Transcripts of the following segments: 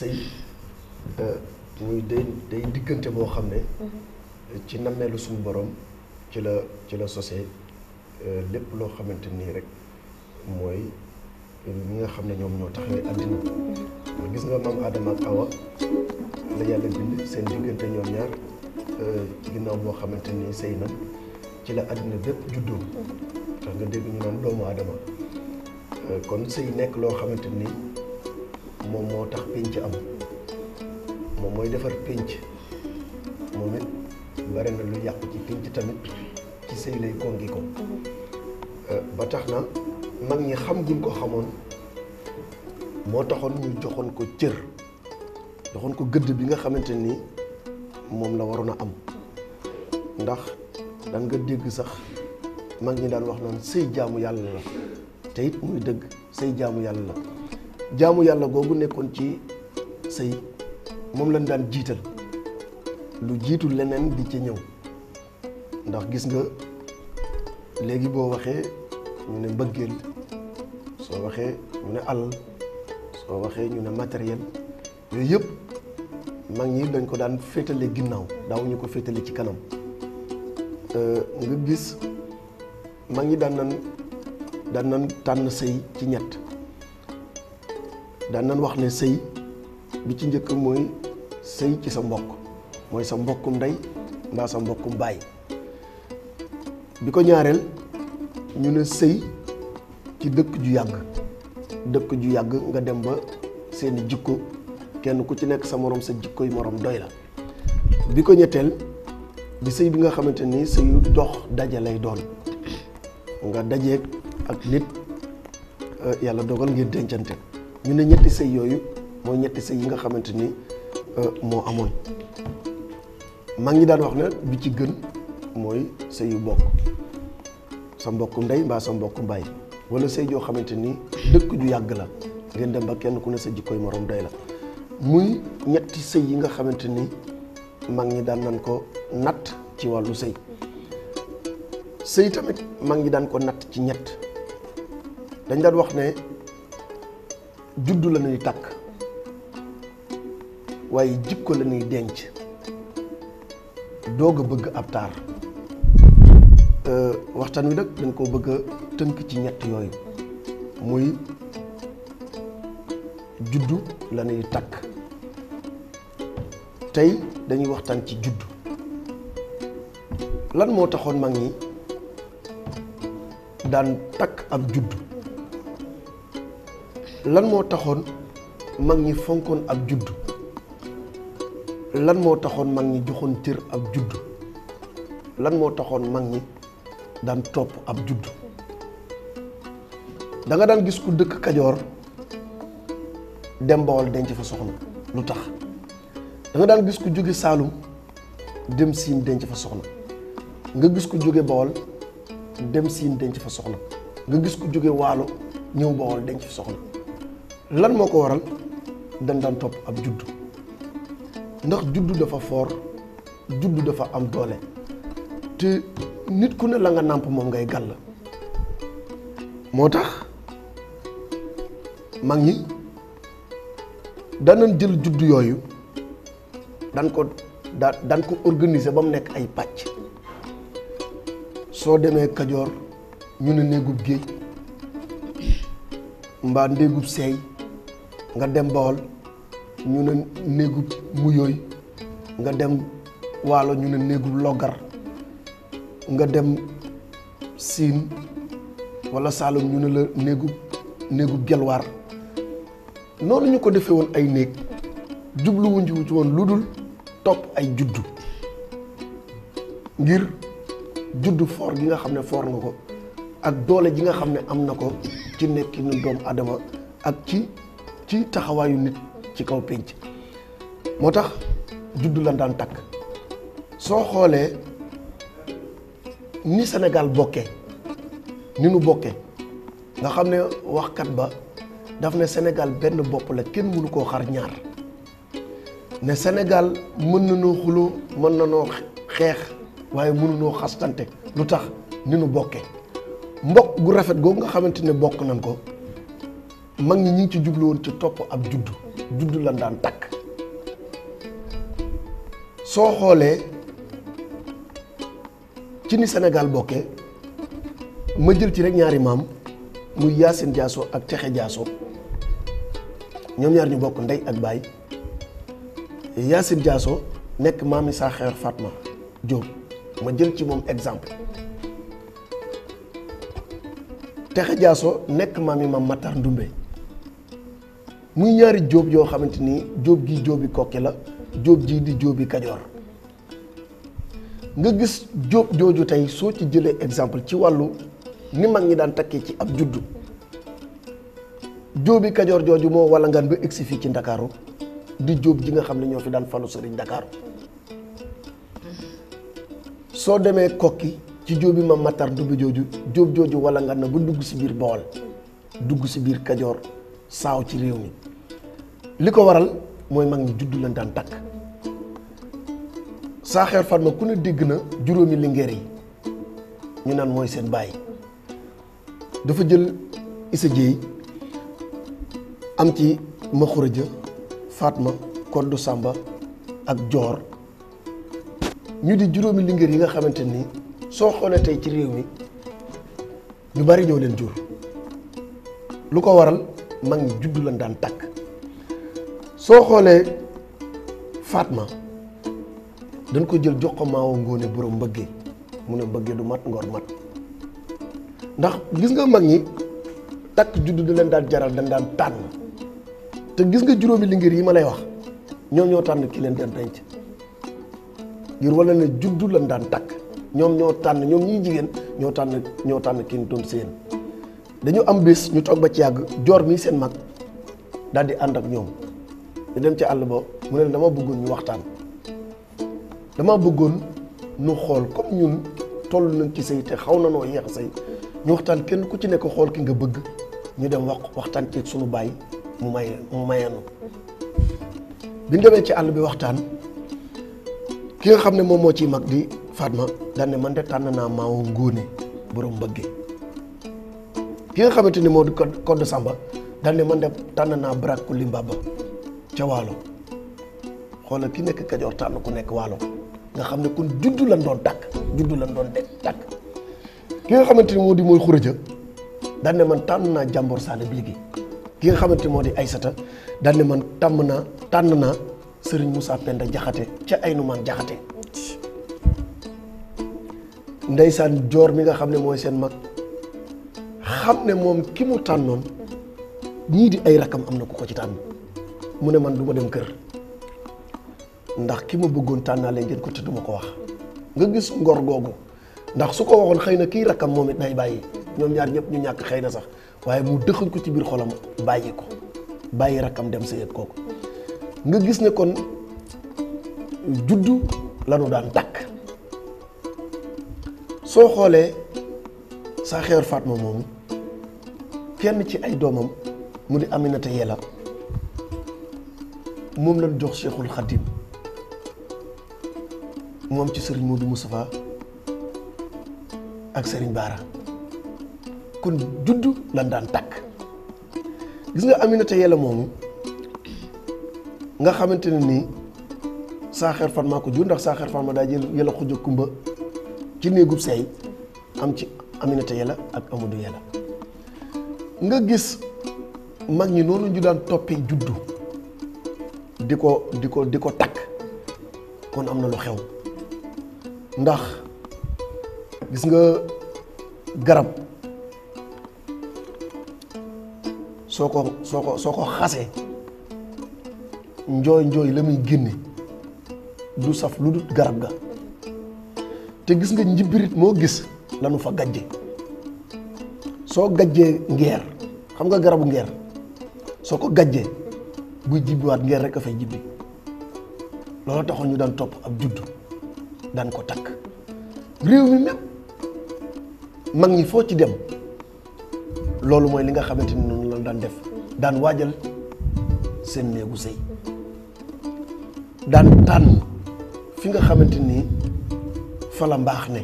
sëy euh, muy day day diggante boo xam ne mm-hmm. ci nammeelu suñu boroom ci la ci la sosee euh, lépp loo xamante nii rek mooy ñi nga xam ne ñoom ñoo tax ne àddina mm-hmm. gis nga maam aadama ak Awa la yàlla bind seen diggante ñoom ci euh, ginnaaw boo xamante nii sëy na ci la àddina bépp juddoo mm-hmm. tax nga dégg ñu naan doomu Adama kon sëy nekk loo xamante nii mom mo tax pinch am mom moy defar pinch, momit bare na lu yak ci pinch tamit ci sey lay kongi ko euh, ba tax na mag ñi xam guñ ko xamone mo taxone ñu joxone ko cër joxone ko gëdd bi nga xamanteni mom la waruna am ndax dan nga deg sax mag ñi daan wax non sey jaamu yalla la te it muy deug sey jaamu yalla la jaamu yàlla googu nekkoon ci sëy moom lañ daan jiital lu jiitu leneen di ci ñëw ndax gis nga léegi boo waxee ñu ne mbëggeel soo waxee ñu ne alal soo waxee ñu ne matériel yooyu yëpp mag ñi dañ ko daan féetale ginnaaw daaw ñu ko féetale ci kanam euh, nga gis mag ñi daan nan tànn sëy ci ñett Dan nan wax ne sey bi ci njëkk moy sey ci sa mbokk moy sa mbokk nday mbaa sa mbokk baay biko ñaarel ñu ne sey ci dëkk ju yàgg dëkk ju yàgg nga dem ba seeni jikko kenn ku ci nekk sa morom sa jikkoy morom doy la biko ñettel di bi nga xamanteni sey sëyu dox daje lay doon nga ak nit euh, yalla dogal ngir dencante ñu ne ñetti sëy yooyu mooy ñetti sëy yi nga xamante ni euh, moo amoon mag ñi daan wax ne bi ci gën mooy sëy yu bokk sa mbokku ndey mbaa sa mbokku mbaay wala sëy joo xamante ni dëkk ju yàgg la ngeen dem ba kenn ku ne sa jikkoy moroom day la muy ñetti sëy yi nga xamante ni mag ñi daan nan ko natt ci wàllu sëy sëy tamit mag ñi daan ko natt ci ñett dañ daan wax ne juddu la ñuy tak waye jikko la ñuy denc doog bëgg dan kau euh, waxtan wi nak dañ ko bëgg teunk ci ñett yoy muy juddu la ñuy tak tay dañuy waxtan ci juddu lan mo taxone mag ni dan tak juddu lan moo taxoon mag ñi fonkoon ab judd lan moo taxoon mag ñi joxoon cër ab judd lan moo taxoon mag ñi daan topp ab judd danga nga daan gis ku dëkk kajoor dem bawol denc fa soxna lu tax danga daan gis ku jóge saalum dem siin denc fa soxna nga gis ku jóge bawol dem siin denc fa soxna nga gis ku jóge waalo ñëw bawol denc fa soxna lan moko waral dañ dan top ab judd ndax judd dafa for judd dafa am doole te nit ku ne la nga namp mom ngay gal motax mag ñi danañ jël judd yoyu dan ko dan ko organiser bam nek ay patch so demee kadior ñu ne néegub géej mbaa ndéegub sey nga dem bol ñu ne mu yoy nga dem walo ñu ne negu logar nga dem sin wala saalum ñu ne la negu de gelwaar noonu ñu ko defé won ay neeg djublu wuñ ci won lu top ay juddu ngir juddu for gi nga xamne for nga ko ak doole gi nga xamne am na ko ci nekkinu doom adama ak ci ci taxawaayu nit ci kaw pénc moo tax juddu lan daan takk soo xoolee ni Sénégal bokke ni nu bokke nga xam ne waxkat ba daf ne Sénégal benn bopp la kenn mënu koo xar ñaar ne Sénégal mën na noo xuloo mën na noo xeex waaye mënunoo xastante lu tax ni nu bokke mbokk gu rafet googu nga xamante ne bokk nañ ko mag ñi ñu ci jublu ci topp ab juddu juddu lan daan takk soo xoolee ci ni Sénégal bokkee ma jël ci rek ñaari maam muy Yacine Diasso ak Cheikh Diasso ñoom ñaar ñu bokk ndey ak baay Yacine Diasso nekk maami saa xeer Fatma Diop ma jël ci moom exemple texe Diasso nekk maami ma Matar Ndoumbe muy ñaari job yo xamanteni job job gi jobi kokke la job ji di jobi kadior nga gis job joju tay so ci jëlee exemple ci walu ni mag ñi daan takkee ci ab juddu jobi kadior joju mo wala ngan ba egsi ci dakaro di job gi nga xam ño fi daan falu serigne ndakaaru so demee kokki ci jobi ma matar dubbi joju job joju wala ngan na dugg ci bir bol dugg ci bir kadior saw ci rew mi liko waral moy mag ni juddu lan tan tak sa xer Fatma ku ne deg na juromi lingere yi ñu nan moy sen dafa jël isa jey am ci makhuraja Fatma kordu Samba ak jor ñu di juromi lingere yi nga xamanteni ni xolé tay ci rew mi ñu bari ñoo leen jur lu ko waral mag ñi dan lan daan takk soo xoolee fatma dañ ko jël jox ko maawo ngóone borom mbëggee mu ne mbëggee du mat ngor mat ndax gis nga mag ñi takk juddu da leen daan jaral dañ daan tànn te gis nga juróomi ngir yi ma lay wax ñoom ñoo tànn ki leen daan denc ngir wala ne lan daan takk ñoom ñoo tànn ñoom ñi jigéen ñoo tànn ñoo tànn ki doon seen dañu am bis ñu tok ba ci yag jor mi seen mag dal di and ak ñom ñu dem ci àll ba mu ne dama bëggoon ñu waxtaan dama bëggoon nu xol comme ñun tollu nañ ci sey te xaw na noo yeex sey ñu waxtaan kenn ku ci nekk xol ki nga bëgg ñu dem wax waxtaan ci suñu bay mu may mu mayanu bi ñu ci àll bi waxtaan ki nga xamne mom mo ci mag di Fatma daan ne man de tànn naa maawo ngone borom bëgge ki nga xamante ni moo di Codé Samba daal ne man de tànn naa Brak Limbaba ca waalo xoolal ki nekk Kajoor tànn ku nekk waalo nga xam ne kon juddu lan doon tàkk juddu lan doon de tàkk ki nga xamante ni moo di mooy xuraja daal ne man tànn naa jàmbor saale bi ki nga xamante moo di Aysata daal ne man tàmm naa tànn naa Serigne Moussa Penda Jaxate ca Aynumaan Jaxate ndeysaan joor bi nga xam ne mooy seen mag xam ne moom ki mu tànnoon ñii di ay rakam am na ku ko ci tànn mu ne man du ma dem kër ndax ki ma bëggoon tànnaale ngeen ko te duma ko wax nga gis ngor googu ndax su ko waxoon xëy na kii rakam moom it day bàyyi ñoom ñaar ñëpp ñu ñàkk xëy na sax waaye mu dëxal ko ci biir xolam bàyyi ko bàyyi rakam dem sa yëg kooku nga gis ne kon juddu lanu daan takk soo xoolee saa xeer Fatma moomu kenn ci ay doomam mu di Aminata Yella moom lañ jox Cheikhul Khadim moom ci sëriñ Modou Moustapha ak sëriñ Baara kon judd lan daan takk gis nga Aminata Yella moomu nga xamante ne nii saaxeer fan maa ko jur ndax saaxeer fan ma daa jël Yella Khoudia Kumba ci néegub seey am ci Aminata Yella ak Amadou Yella nga gis mag ñi nonu ñu daan toppee juddu diko diko diko tak kon amna lu xew ndax gis nga garab soko soko soko xasse njoy njoy lamuy genné du saf lu dut garab ga te gis nga njibrit mo gis lanu fa gajje so xam nga garabu ngeer soo ko gàjjee buy jibbiwaat ngeer rek a fay jibbi loolu taxoon ñu daan topp ab judd daan ko takk réew mi mépp mag ñi foo ci dem loolu mooy li nga xamante ni noonu la daan def daan waajal seen néegu sëy daan tànn fi nga xamante ni fa la mbaax ne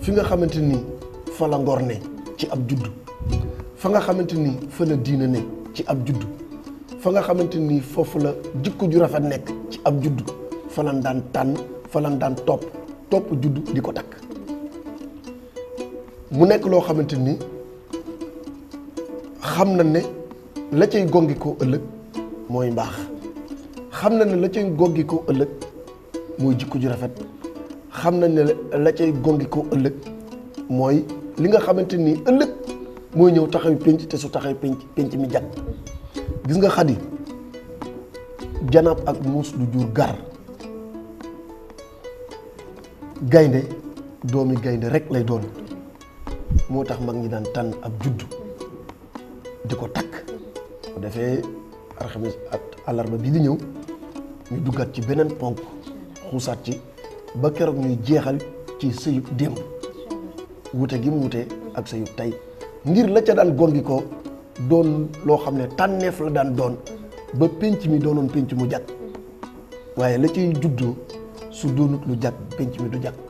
fi nga xamante ni fa la ngor ne ci ab judd fa nga xamante ni fa la diina nekk ci ab juddu fa nga xamante nii foofu la jikk ju rafet nekk ci ab juddu fa lan daan tànn fa lan daan topp topp juddu di ko takk mu nekk loo xamante ni xam na ne la cay gongi koo ëllëg mooy mbaax xam na ne la cay gongi ëllëg mooy jikko ju rafet xam na ne la cay gongi koo ëllëg mooy li nga xamante ni ëllëg mooy ñëw taxaw pénc te su taxaw pénc pénc mi jag gis nga xadi janaab ak muus du jur gar gaynde doomi gaynde rek lay doon moo tax mag ñi daan tànn ak judd di ko takk bu defee alxames ak alarba bi di ñëw ñu duggaat ci beneen ponk xuusaat ci ba keroog ñuy jeexal ci sëyub démb wute gi mu wute ak sëyub tey ngir la ca daan gon ko doon loo xam ne tànneef la daan doon ba pénc mi doonoon pénc mu jàkk waaye la ciy juddoo su doonut lu jàkk pénc mi du jàkk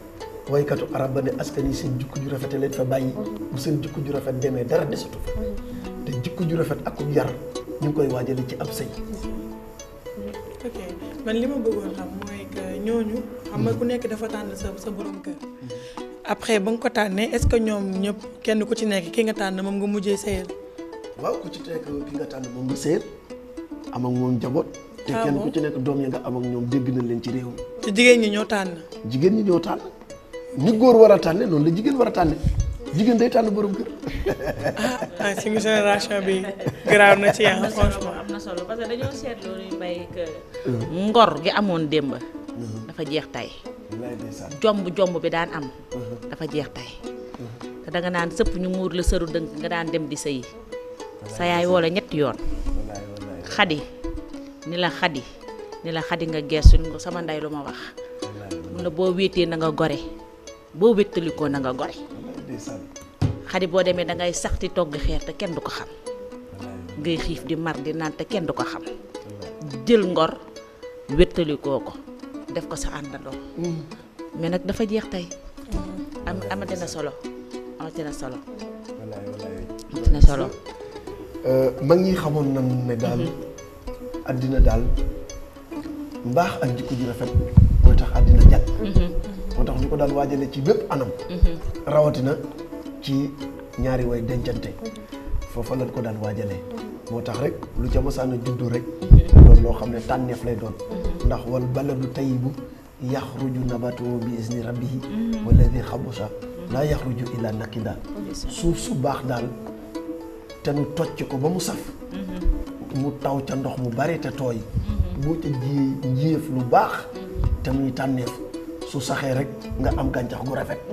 woykatu arab ba ne askan yi seen jikko ju rafet leen fa bàyyi bu seen jikko ju rafet demee dara desatu fa te jikko ju rafet ak yar ñu ngi koy waajale ci ab sëy ok man li ma bëggoon xam mooy que ñooñu xam nga ku nekk dafa tànn sa sa borom kër après ba nga ko tànnee est-ce que ñoom ñëpp kenn ku ci nekk ki nga tànn moom nga mujjee sëyal waaw ku ci nekk ki nga tànn moom nga sëyal am ak moom njaboot te ah kenn ku ci nekk doom ya nga am ak ñoom dégg na leen ci réew mi jigéen ñi ñoo tànn jigéen ñi ñoo tànn ni góor wara a non la jigen wara a jigen day tànn borom keur ah, ah suñu génération bi garaaw na ci yaa ah, franchement. amna solo parce que dañu sétlo ni bay que. ngor gi amone demba dafa jeex tay jomb jomb bi daan am. Uh-huh. dafa jeex tay uh-huh. da nga nan sepp ñu mur le seuru dënk nga daan dem di sey sa yaay wala ñet yoon. khadi ni la khadi ni la khadi nga gessu sama nday luma wax. mu la bo wété na nga goré boo wéttalikoo nanga nga gore boo demee da ngay sax di togg xeer te kenn du ko xam ngay xiif di mar di naan te kenn du ko xam jël ngor wéttalikoo ko def ko sa àndandoo mm-hmm. mais nag dafa jeex tey mm-hmm. am amati na solo amati na solo amati na solo euh, mag ñi xamoon na ne daal mm-hmm. àddina daal mbaax ak jikko ju rafet mooy tax àddina jàkk moo tax ñu ko daan waajale ci bépp anam. Mhm. rawatina ci ñaari way dencante. foofu lañ ko daan waajalee. moo tax rek lu ca mosaan a juddu rek. doon loo xam ne tànneef lay doon. Mhm. ndax wal baladu tayyibu yaxruju nabatuhu bi izni rabbihi. Mhm. walladi xabusa laa yaxruju illa nakida suuf su baax daal te nu tocc ko ba mu saf. mu taw ca ndox mu bari te tooy. boo ca jiyee lu baax te muy tànneef. su saxee rek nga am gàncax gu rafet